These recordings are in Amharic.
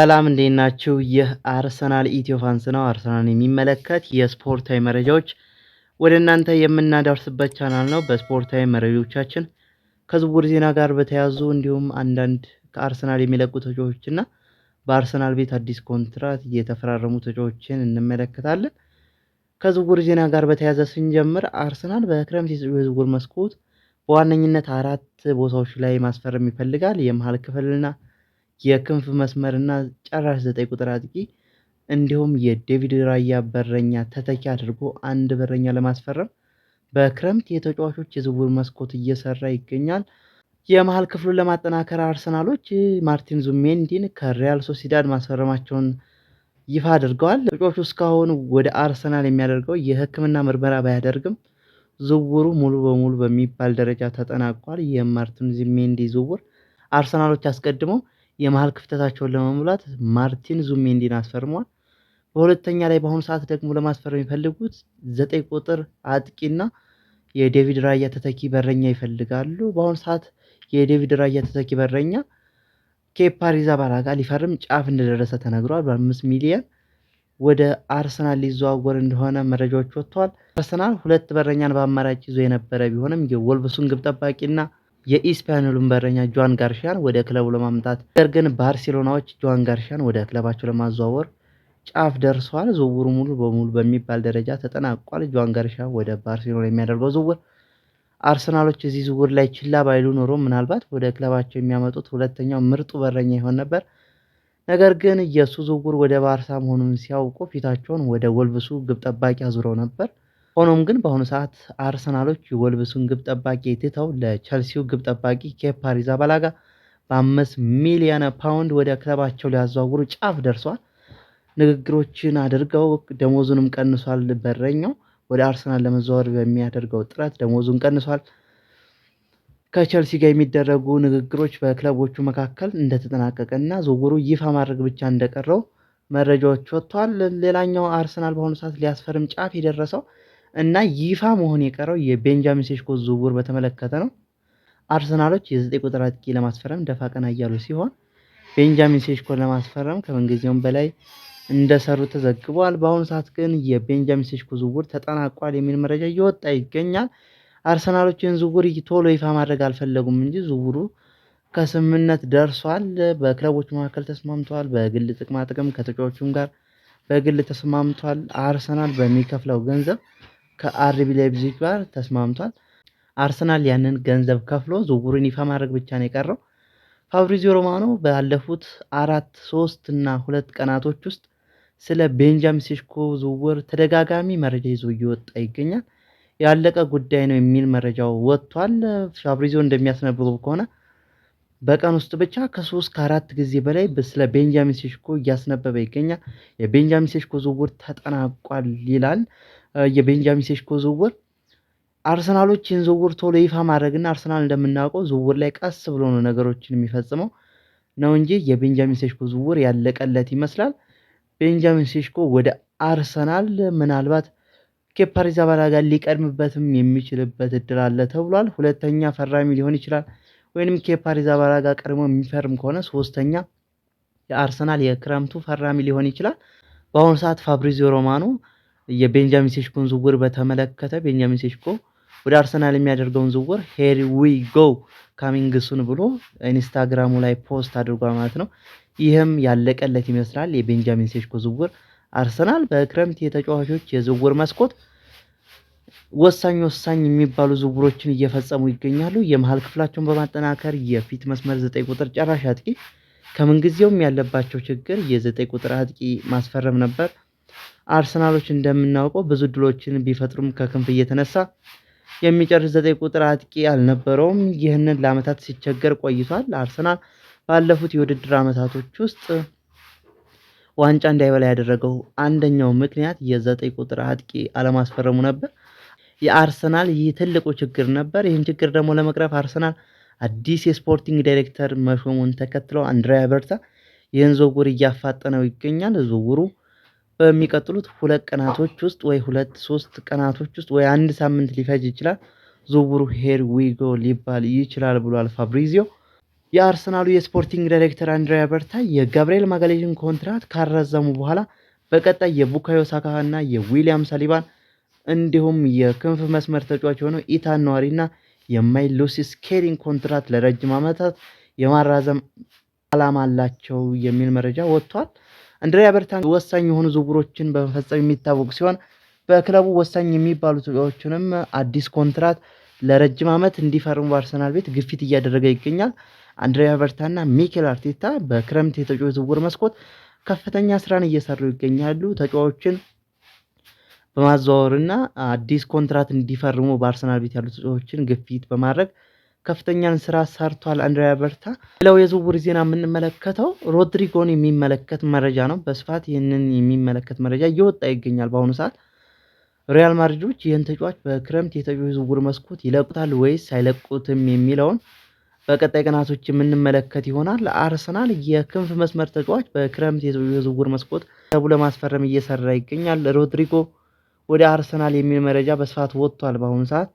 ሰላም እንዴት ናችሁ? ይህ አርሰናል ኢትዮ ፋንስ ነው። አርሰናል የሚመለከት የስፖርታዊ መረጃዎች ወደ እናንተ የምናደርስበት ቻናል ነው። በስፖርታዊ መረጃዎቻችን ከዝውውር ዜና ጋር በተያዙ እንዲሁም አንዳንድ ከአርሰናል የሚለቁ ተጫዋቾችና በአርሰናል ቤት አዲስ ኮንትራት የተፈራረሙ ተጫዋቾችን እንመለከታለን። ከዝውውር ዜና ጋር በተያዘ ስንጀምር አርሰናል በክረምት የዝውውር መስኮት በዋነኝነት አራት ቦታዎች ላይ ማስፈረም ይፈልጋል። የመሀል ክፍልና የክንፍ መስመርና ጨራሽ ዘጠኝ ቁጥር አጥቂ እንዲሁም የዴቪድ ራያ በረኛ ተተኪ አድርጎ አንድ በረኛ ለማስፈረም በክረምት የተጫዋቾች የዝውውር መስኮት እየሰራ ይገኛል። የመሀል ክፍሉን ለማጠናከር አርሰናሎች ማርቲን ዙሜንዲን ከሪያል ሶሲዳድ ማስፈረማቸውን ይፋ አድርገዋል። ተጫዋቹ እስካሁን ወደ አርሰናል የሚያደርገው የሕክምና ምርመራ ባያደርግም ዝውውሩ ሙሉ በሙሉ በሚባል ደረጃ ተጠናቋል። የማርቲን ዙሜንዲ ዝውውር አርሰናሎች አስቀድመው የመሃል ክፍተታቸውን ለመሙላት ማርቲን ዙሜንዲን አስፈርሟል። በሁለተኛ ላይ በአሁኑ ሰዓት ደግሞ ለማስፈረም የሚፈልጉት ዘጠኝ ቁጥር አጥቂና የዴቪድ ራያ ተተኪ በረኛ ይፈልጋሉ። በአሁኑ ሰዓት የዴቪድ ራያ ተተኪ በረኛ ከፓሪዝ አባላጋ ሊፈርም ጫፍ እንደደረሰ ተነግሯል። በአምስት ሚሊየን ወደ አርሰናል ሊዘዋወር እንደሆነ መረጃዎች ወጥተዋል። አርሰናል ሁለት በረኛን በአማራጭ ይዞ የነበረ ቢሆንም የወልቭሱን ግብ ጠባቂና የኢስፓኞሉን በረኛ ጆዋን ጋርሺያን ወደ ክለቡ ለማምጣት ነገር ግን ባርሴሎናዎች ጆዋን ጋርሺያን ወደ ክለባቸው ለማዘዋወር ጫፍ ደርሰዋል። ዝውውሩ ሙሉ በሙሉ በሚባል ደረጃ ተጠናቋል። ጆዋን ጋርሺያ ወደ ባርሴሎና የሚያደርገው ዝውውር አርሰናሎች እዚህ ዝውውር ላይ ችላ ባይሉ ኖሮ ምናልባት ወደ ክለባቸው የሚያመጡት ሁለተኛው ምርጡ በረኛ ይሆን ነበር። ነገር ግን የእሱ ዝውውር ወደ ባርሳ መሆኑን ሲያውቁ ፊታቸውን ወደ ወልብሱ ግብ ጠባቂ አዙረው ነበር። ሆኖም ግን በአሁኑ ሰዓት አርሰናሎች የወልብሱን ግብ ጠባቂ ትተው ለቸልሲው ግብ ጠባቂ ኬፓ አሪዛባላጋ በአምስት ሚሊዮን ፓውንድ ወደ ክለባቸው ሊያዘዋውሩ ጫፍ ደርሷል። ንግግሮችን አድርገው ደሞዙንም ቀንሷል። በረኛው ወደ አርሰናል ለመዘዋወር በሚያደርገው ጥረት ደሞዙን ቀንሷል። ከቸልሲ ጋር የሚደረጉ ንግግሮች በክለቦቹ መካከል እንደተጠናቀቀ እና ዝውውሩ ይፋ ማድረግ ብቻ እንደቀረው መረጃዎች ወጥተዋል። ሌላኛው አርሰናል በአሁኑ ሰዓት ሊያስፈርም ጫፍ የደረሰው እና ይፋ መሆን የቀረው የቤንጃሚን ሴሽኮ ዝውውር በተመለከተ ነው። አርሰናሎች የዘጠኝ ቁጥር አጥቂ ለማስፈረም ደፋ ቀና እያሉ ሲሆን ቤንጃሚን ሴሽኮ ለማስፈረም ከምንጊዜውም በላይ እንደሰሩ ተዘግቧል። በአሁኑ ሰዓት ግን የቤንጃሚን ሴሽኮ ዝውውር ተጠናቋል የሚል መረጃ እየወጣ ይገኛል። አርሰናሎችን ዝውውር ቶሎ ይፋ ማድረግ አልፈለጉም እንጂ ዝውውሩ ከስምምነት ደርሷል። በክለቦች መካከል ተስማምተዋል። በግል ጥቅማጥቅም ከተጫዋቹም ጋር በግል ተስማምቷል። አርሰናል በሚከፍለው ገንዘብ ከአርቢ ላይፕዚግ ጋር ተስማምቷል። አርሰናል ያንን ገንዘብ ከፍሎ ዝውውሩን ይፋ ማድረግ ብቻ ነው የቀረው። ፋብሪዚዮ ሮማኖ ባለፉት አራት ሶስት እና ሁለት ቀናቶች ውስጥ ስለ ቤንጃሚን ሴስኮ ዝውውር ተደጋጋሚ መረጃ ይዞ እየወጣ ይገኛል። ያለቀ ጉዳይ ነው የሚል መረጃው ወጥቷል። ፋብሪዚዮ እንደሚያስነብበው ከሆነ በቀን ውስጥ ብቻ ከሶስት ከአራት ጊዜ በላይ ስለ ቤንጃሚን ሴሽኮ እያስነበበ ይገኛል። የቤንጃሚን ሴሽኮ ዝውውር ተጠናቋል ይላል። የቤንጃሚን ሴሽኮ ዝውውር አርሰናሎች ይህን ዝውውር ቶሎ ይፋ ማድረግና አርሰናል እንደምናውቀው ዝውውር ላይ ቀስ ብሎ ነው ነገሮችን የሚፈጽመው ነው እንጂ የቤንጃሚን ሴሽኮ ዝውውር ያለቀለት ይመስላል። ቤንጃሚን ሴሽኮ ወደ አርሰናል ምናልባት ከፓሪዝ አባላ ሊቀድምበትም የሚችልበት እድል አለ ተብሏል። ሁለተኛ ፈራሚ ሊሆን ይችላል። ወይንም ከፓሪዝ አባራ ጋር ቀድሞ የሚፈርም ከሆነ ሶስተኛ የአርሰናል የክረምቱ ፈራሚ ሊሆን ይችላል። በአሁኑ ሰዓት ፋብሪዚዮ ሮማኖ የቤንጃሚን ሴሽኮን ዝውውር በተመለከተ ቤንጃሚን ሴሽኮ ወደ አርሰናል የሚያደርገውን ዝውውር ሄር ዊ ጎ ሱን ብሎ ኢንስታግራሙ ላይ ፖስት አድርጓል ማለት ነው። ይህም ያለቀለት ይመስላል የቤንጃሚን ሴሽኮ ዝውውር። አርሰናል በክረምት የተጫዋቾች የዝውውር መስኮት ወሳኝ ወሳኝ የሚባሉ ዝውውሮችን እየፈጸሙ ይገኛሉ። የመሃል ክፍላቸውን በማጠናከር የፊት መስመር ዘጠኝ ቁጥር ጨራሽ አጥቂ ከምንጊዜውም ያለባቸው ችግር የዘጠኝ ቁጥር አጥቂ ማስፈረም ነበር። አርሰናሎች እንደምናውቀው ብዙ ድሎችን ቢፈጥሩም ከክንፍ እየተነሳ የሚጨርስ ዘጠኝ ቁጥር አጥቂ አልነበረውም። ይህንን ለአመታት ሲቸገር ቆይቷል። አርሰናል ባለፉት የውድድር ዓመታቶች ውስጥ ዋንጫ እንዳይበላ ያደረገው አንደኛው ምክንያት የዘጠኝ ቁጥር አጥቂ አለማስፈረሙ ነበር። የአርሰናል ይህ ትልቁ ችግር ነበር። ይህን ችግር ደግሞ ለመቅረፍ አርሰናል አዲስ የስፖርቲንግ ዳይሬክተር መሾሙን ተከትሎ አንድሪያ በርታ ይህን ዝውውር እያፋጠነው ይገኛል። ዝውውሩ በሚቀጥሉት ሁለት ቀናቶች ውስጥ ወይ ሁለት ሶስት ቀናቶች ውስጥ ወይ አንድ ሳምንት ሊፈጅ ይችላል። ዝውውሩ ሄር ዊጎ ሊባል ይችላል ብሏል ፋብሪዚዮ። የአርሰናሉ የስፖርቲንግ ዳይሬክተር አንድሪያ በርታ የጋብርኤል ማጋሌሽን ኮንትራት ካረዘሙ በኋላ በቀጣይ የቡካዮ ሳካ እና የዊሊያም ሳሊባን እንዲሁም የክንፍ መስመር ተጫዋች የሆነው ኢታን ነዋሪና የማይል ሉሲስ ኬሪን ኮንትራት ለረጅም ዓመታት የማራዘም አላማ አላቸው የሚል መረጃ ወጥቷል። አንድሪያ በርታ ወሳኝ የሆኑ ዝውውሮችን በመፈጸም የሚታወቅ ሲሆን በክለቡ ወሳኝ የሚባሉ ተጫዋቾችንም አዲስ ኮንትራት ለረጅም ዓመት እንዲፈርሙ በአርሰናል ቤት ግፊት እያደረገ ይገኛል። አንድሪያ በርታና ሚኬል አርቴታ በክረምት የተጫዋች ዝውውር መስኮት ከፍተኛ ስራን እየሰሩ ይገኛሉ። ተጫዋቾችን በማዘዋወርና አዲስ ኮንትራት እንዲፈርሙ በአርሰናል ቤት ያሉ ተጫዋቾችን ግፊት በማድረግ ከፍተኛን ስራ ሰርቷል። አንድሪያ በርታ ለው የዝውውር ዜና የምንመለከተው ሮድሪጎን የሚመለከት መረጃ ነው። በስፋት ይህንን የሚመለከት መረጃ እየወጣ ይገኛል። በአሁኑ ሰዓት ሪያል ማድሪዶች ይህን ተጫዋች በክረምት የተጫዋች ዝውውር መስኮት ይለቁታል ወይስ አይለቁትም የሚለውን በቀጣይ ቀናቶች የምንመለከት ይሆናል። አርሰናል የክንፍ መስመር ተጫዋች በክረምት የተጫዋች ዝውውር መስኮት ተብሎ ለማስፈረም እየሰራ ይገኛል። ሮድሪጎ ወደ አርሰናል የሚል መረጃ በስፋት ወጥቷል። በአሁኑ ሰዓት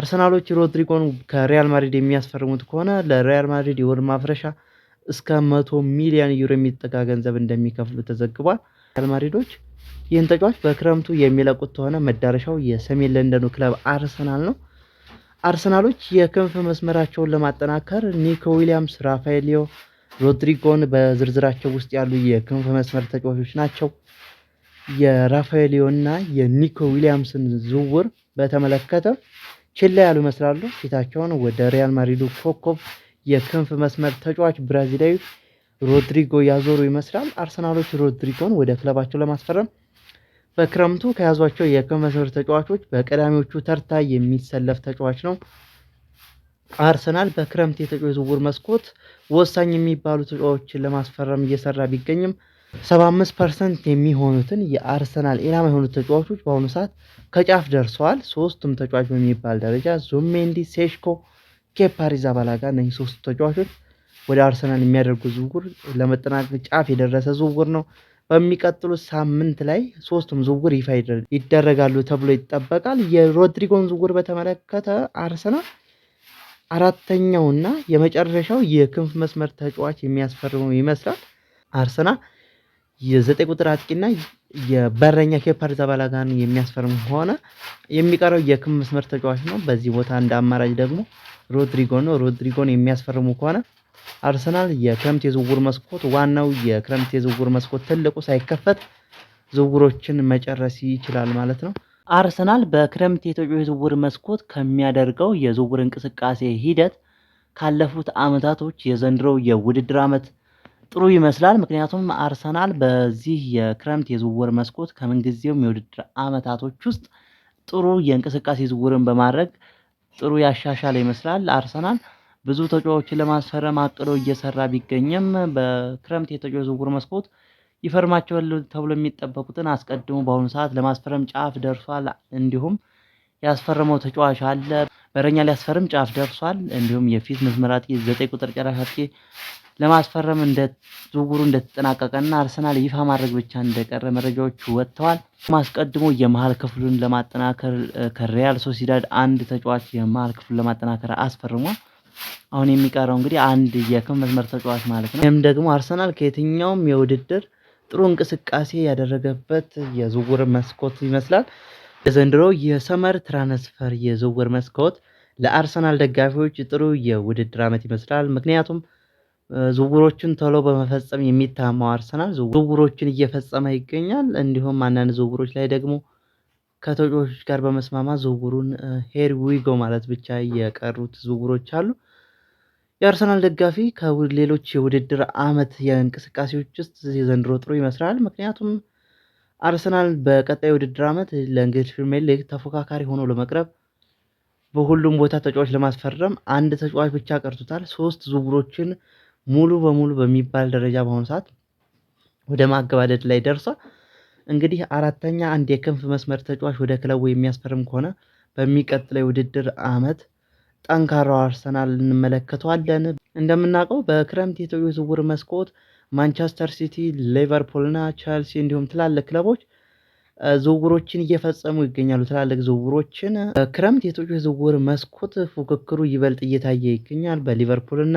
አርሰናሎች ሮድሪጎን ከሪያል ማድሪድ የሚያስፈርሙት ከሆነ ለሪያል ማድሪድ የውል ማፍረሻ እስከ መቶ ሚሊዮን ዩሮ የሚጠጋ ገንዘብ እንደሚከፍሉ ተዘግቧል። ሪያል ማድሪዶች ይህን ተጫዋች በክረምቱ የሚለቁት ከሆነ መዳረሻው የሰሜን ለንደኑ ክለብ አርሰናል ነው። አርሰናሎች የክንፍ መስመራቸውን ለማጠናከር ኒኮ ዊሊያምስ፣ ራፋኤሊዮ፣ ሮድሪጎን በዝርዝራቸው ውስጥ ያሉ የክንፍ መስመር ተጫዋቾች ናቸው። የራፋኤልዮ እና የኒኮ ዊሊያምስን ዝውውር በተመለከተ ችላ ያሉ ይመስላሉ። ፊታቸውን ወደ ሪያል ማድሪዱ ኮከብ የክንፍ መስመር ተጫዋች ብራዚላዊ ሮድሪጎ ያዞሩ ይመስላል። አርሰናሎች ሮድሪጎን ወደ ክለባቸው ለማስፈረም በክረምቱ ከያዟቸው የክንፍ መስመር ተጫዋቾች በቀዳሚዎቹ ተርታ የሚሰለፍ ተጫዋች ነው። አርሰናል በክረምት የተጫዋች ዝውውር መስኮት ወሳኝ የሚባሉ ተጫዋቾችን ለማስፈረም እየሰራ ቢገኝም ሰባ ፐርሰንት የሚሆኑትን የአርሰናል ኢላማ የሆኑት ተጫዋቾች በአሁኑ ሰዓት ከጫፍ ደርሰዋል። ሶስቱም ተጫዋች በሚባል ደረጃ ዙሜንዲ፣ ሴሽኮ፣ ኬፓሪዛ ባላጋ እነዚህ ሶስቱ ተጫዋቾች ወደ አርሰናል የሚያደርጉ ዝውውር ለመጠናቀቅ ጫፍ የደረሰ ዝውውር ነው። በሚቀጥሉት ሳምንት ላይ ሶስቱም ዝውውር ይፋ ይደረጋሉ ተብሎ ይጠበቃል። የሮድሪጎን ዝውውር በተመለከተ አርሰናል አራተኛውና የመጨረሻው የክንፍ መስመር ተጫዋች የሚያስፈርመው ይመስላል። አርሰናል የዘጠኝ ቁጥር አጥቂና የበረኛ ኬፐር ዘባላጋን የሚያስፈርም ከሆነ የሚቀረው የክም መስመር ተጫዋች ነው። በዚህ ቦታ እንደ አማራጭ ደግሞ ሮድሪጎ ነው። ሮድሪጎን የሚያስፈርሙ ከሆነ አርሰናል የክረምት የዝውውር መስኮት ዋናው የክረምት የዝውውር መስኮት ትልቁ ሳይከፈት ዝውውሮችን መጨረስ ይችላል ማለት ነው። አርሰናል በክረምት የተጫዋች የዝውውር መስኮት ከሚያደርገው የዝውውር እንቅስቃሴ ሂደት ካለፉት ዓመታቶች የዘንድሮው የውድድር ዓመት ጥሩ ይመስላል። ምክንያቱም አርሰናል በዚህ የክረምት የዝውውር መስኮት ከምንጊዜውም የውድድር አመታቶች ውስጥ ጥሩ የእንቅስቃሴ ዝውውርን በማድረግ ጥሩ ያሻሻለ ይመስላል። አርሰናል ብዙ ተጫዋቾችን ለማስፈረም አቅዶ እየሰራ ቢገኝም በክረምት የተጫዋች ዝውውር መስኮት ይፈርማቸዋል ተብሎ የሚጠበቁትን አስቀድሞ በአሁኑ ሰዓት ለማስፈረም ጫፍ ደርሷል። እንዲሁም ያስፈረመው ተጫዋች አለ። በረኛ ሊያስፈርም ጫፍ ደርሷል። እንዲሁም የፊት መስመር አጥቂ፣ ዘጠኝ ቁጥር ጨራሽ አጥቂ ለማስፈረም እንደ ዝውውሩ እንደተጠናቀቀና አርሰናል ይፋ ማድረግ ብቻ እንደቀረ መረጃዎቹ ወጥተዋል። አስቀድሞ የመሀል ክፍሉን ለማጠናከር ከሪያል ሶሲዳድ አንድ ተጫዋች የመሀል ክፍሉን ለማጠናከር አስፈርሟል። አሁን የሚቀረው እንግዲህ አንድ የክንፍ መስመር ተጫዋች ማለት ነው። ይህም ደግሞ አርሰናል ከየትኛውም የውድድር ጥሩ እንቅስቃሴ ያደረገበት የዝውውር መስኮት ይመስላል። የዘንድሮ የሰመር ትራንስፈር የዝውውር መስኮት ለአርሰናል ደጋፊዎች ጥሩ የውድድር ዓመት ይመስላል። ምክንያቱም ዝውውሮችን ቶሎ በመፈጸም የሚታማው አርሰናል ዝውውሮችን እየፈጸመ ይገኛል። እንዲሁም አንዳንድ ዝውውሮች ላይ ደግሞ ከተጫዋቾች ጋር በመስማማት ዝውውሩን ሄር ዊጎ ማለት ብቻ የቀሩት ዝውውሮች አሉ። የአርሰናል ደጋፊ ከሌሎች የውድድር አመት የእንቅስቃሴዎች ውስጥ ዘንድሮ ጥሩ ይመስላል። ምክንያቱም አርሰናል በቀጣይ ውድድር አመት ለእንግሊዝ ፕሪሚየር ሊግ ተፎካካሪ ሆኖ ለመቅረብ በሁሉም ቦታ ተጫዋች ለማስፈረም አንድ ተጫዋች ብቻ ቀርቶታል። ሶስት ዝውውሮችን ሙሉ በሙሉ በሚባል ደረጃ በአሁኑ ሰዓት ወደ ማገባደድ ላይ ደርሷል። እንግዲህ አራተኛ አንድ የክንፍ መስመር ተጫዋች ወደ ክለቡ የሚያስፈርም ከሆነ በሚቀጥለው የውድድር አመት ጠንካራው አርሰናል እንመለከተዋለን። እንደምናውቀው በክረምት የዝውውር መስኮት ማንቸስተር ሲቲ፣ ሊቨርፑል እና ቸልሲ እንዲሁም ትላልቅ ክለቦች ዝውውሮችን እየፈጸሙ ይገኛሉ። ትላልቅ ዝውውሮችን ክረምት የዝውውር መስኮት ፉክክሩ ይበልጥ እየታየ ይገኛል በሊቨርፑል እና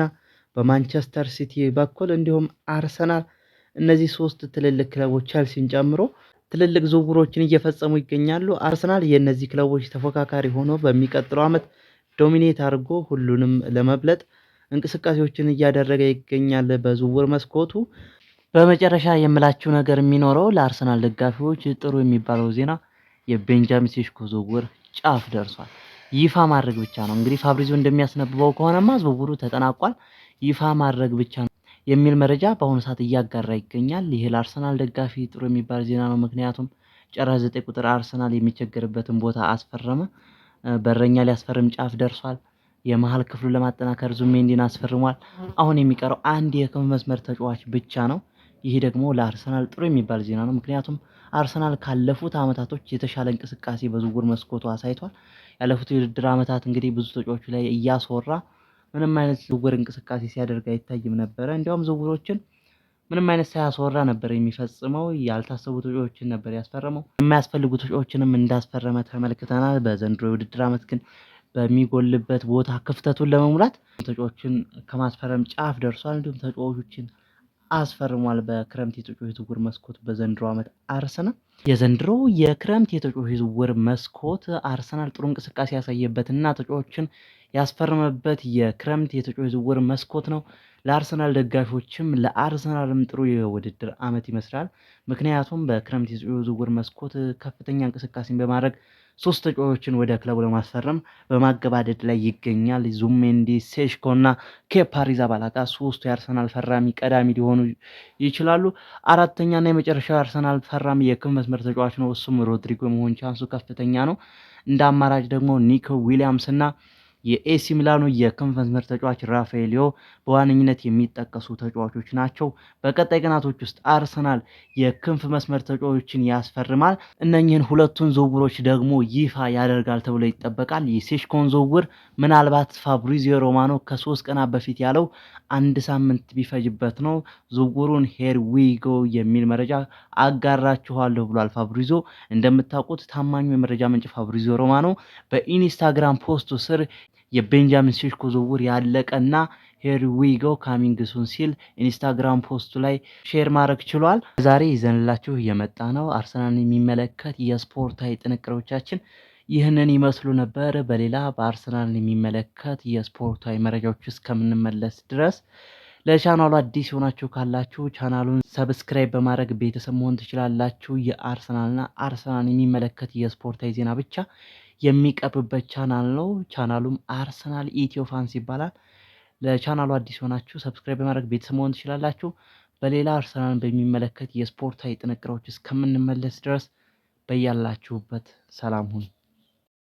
በማንቸስተር ሲቲ በኩል እንዲሁም አርሰናል እነዚህ ሶስት ትልልቅ ክለቦች ቸልሲን ጨምሮ ትልልቅ ዝውውሮችን እየፈጸሙ ይገኛሉ። አርሰናል የእነዚህ ክለቦች ተፎካካሪ ሆኖ በሚቀጥለው ዓመት ዶሚኔት አድርጎ ሁሉንም ለመብለጥ እንቅስቃሴዎችን እያደረገ ይገኛል በዝውውር መስኮቱ። በመጨረሻ የምላችሁ ነገር የሚኖረው ለአርሰናል ደጋፊዎች ጥሩ የሚባለው ዜና የቤንጃሚን ሴስኮ ዝውውር ጫፍ ደርሷል። ይፋ ማድረግ ብቻ ነው እንግዲህ። ፋብሪዚዮ እንደሚያስነብበው ከሆነማ ዝውውሩ ተጠናቋል። ይፋ ማድረግ ብቻ ነው የሚል መረጃ በአሁኑ ሰዓት እያጋራ ይገኛል። ይህ ለአርሰናል ደጋፊ ጥሩ የሚባል ዜና ነው። ምክንያቱም ጨራሽ ዘጠኝ ቁጥር አርሰናል የሚቸገርበትን ቦታ አስፈረመ። በረኛ ሊያስፈርም ጫፍ ደርሷል። የመሀል ክፍሉን ለማጠናከር ዙሜንዲን አስፈርሟል። አሁን የሚቀረው አንድ የክንፍ መስመር ተጫዋች ብቻ ነው። ይህ ደግሞ ለአርሰናል ጥሩ የሚባል ዜና ነው። ምክንያቱም አርሰናል ካለፉት ዓመታቶች የተሻለ እንቅስቃሴ በዝውውር መስኮቱ አሳይቷል። ያለፉት የውድድር ዓመታት እንግዲህ ብዙ ተጫዋቹ ላይ እያስወራ ምንም አይነት ዝውውር እንቅስቃሴ ሲያደርግ አይታይም ነበረ። እንዲያውም ዝውውሮችን ምንም አይነት ሳያስወራ ነበር የሚፈጽመው። ያልታሰቡ ተጫዎችን ነበር ያስፈረመው። የማያስፈልጉ ተጫዎችንም እንዳስፈረመ ተመልክተናል። በዘንድሮ የውድድር ዓመት ግን በሚጎልበት ቦታ ክፍተቱን ለመሙላት ተጫዎችን ከማስፈረም ጫፍ ደርሷል። እንዲሁም ተጫዎችን አስፈርሟል። በክረምት የተጫዋቾች ዝውውር መስኮት በዘንድሮ ዓመት አርሰናል የዘንድሮ የክረምት የተጫዋቾች ዝውውር መስኮት አርሰናል ጥሩ እንቅስቃሴ ያሳየበትና ተጫዋቾችን ያስፈረመበት የክረምት የተጫዋቾች ዝውውር መስኮት ነው። ለአርሰናል ደጋፊዎችም ለአርሰናልም ጥሩ የውድድር ዓመት ይመስላል። ምክንያቱም በክረምት የዝውውር መስኮት ከፍተኛ እንቅስቃሴን በማድረግ ሶስት ተጫዋቾችን ወደ ክለቡ ለማስፈረም በማገባደድ ላይ ይገኛል። ዙሜንዲ፣ ሴሽኮ እና ኬፓ አሪዛባላጋ ሶስቱ የአርሰናል ፈራሚ ቀዳሚ ሊሆኑ ይችላሉ። አራተኛና የመጨረሻው የአርሰናል ፈራሚ የክንፍ መስመር ተጫዋች ነው። እሱም ሮድሪጎ መሆን ቻንሱ ከፍተኛ ነው። እንደ አማራጭ ደግሞ ኒኮ ዊሊያምስ እና የኤሲ ሚላኑ የክንፍ መስመር ተጫዋች ራፋኤልዮ በዋነኝነት የሚጠቀሱ ተጫዋቾች ናቸው። በቀጣይ ቀናቶች ውስጥ አርሰናል የክንፍ መስመር ተጫዋቾችን ያስፈርማል። እነኝህን ሁለቱን ዝውውሮች ደግሞ ይፋ ያደርጋል ተብሎ ይጠበቃል። የሴሽኮን ዝውውር ምናልባት ፋብሪዚዮ ሮማኖ ከሶስት ቀናት በፊት ያለው አንድ ሳምንት ቢፈጅበት ነው ዝውውሩን ሄር ዊጎ የሚል መረጃ አጋራችኋለሁ ብሏል ፋብሪዞ። እንደምታውቁት ታማኙ የመረጃ ምንጭ ፋብሪዞ ሮማ ነው። በኢንስታግራም ፖስቱ ስር የቤንጃሚን ሴስኮ ዝውውር ያለቀና ሄር ዊጎ ሱን ሲል ኢንስታግራም ፖስቱ ላይ ሼር ማድረግ ችሏል። ዛሬ ይዘንላችሁ የመጣ ነው አርሰናልን የሚመለከት የስፖርታዊ ጥንቅሮቻችን ይህንን ይመስሉ ነበር። በሌላ በአርሰናልን የሚመለከት የስፖርታዊ መረጃዎች እስከምንመለስ ድረስ ለቻናሉ አዲስ የሆናችሁ ካላችሁ ቻናሉን ሰብስክራይብ በማድረግ ቤተሰብ መሆን ትችላላችሁ። የአርሰናልና አርሰናል የሚመለከት የስፖርታዊ ዜና ብቻ የሚቀርብበት ቻናል ነው። ቻናሉም አርሰናል ኢትዮ ፋንስ ይባላል። ለቻናሉ አዲስ የሆናችሁ ሰብስክራይብ በማድረግ ቤተሰብ መሆን ትችላላችሁ። በሌላ አርሰናልን በሚመለከት የስፖርታዊ ጥንቅሮች እስከምንመለስ ድረስ በያላችሁበት ሰላም ሁኑ።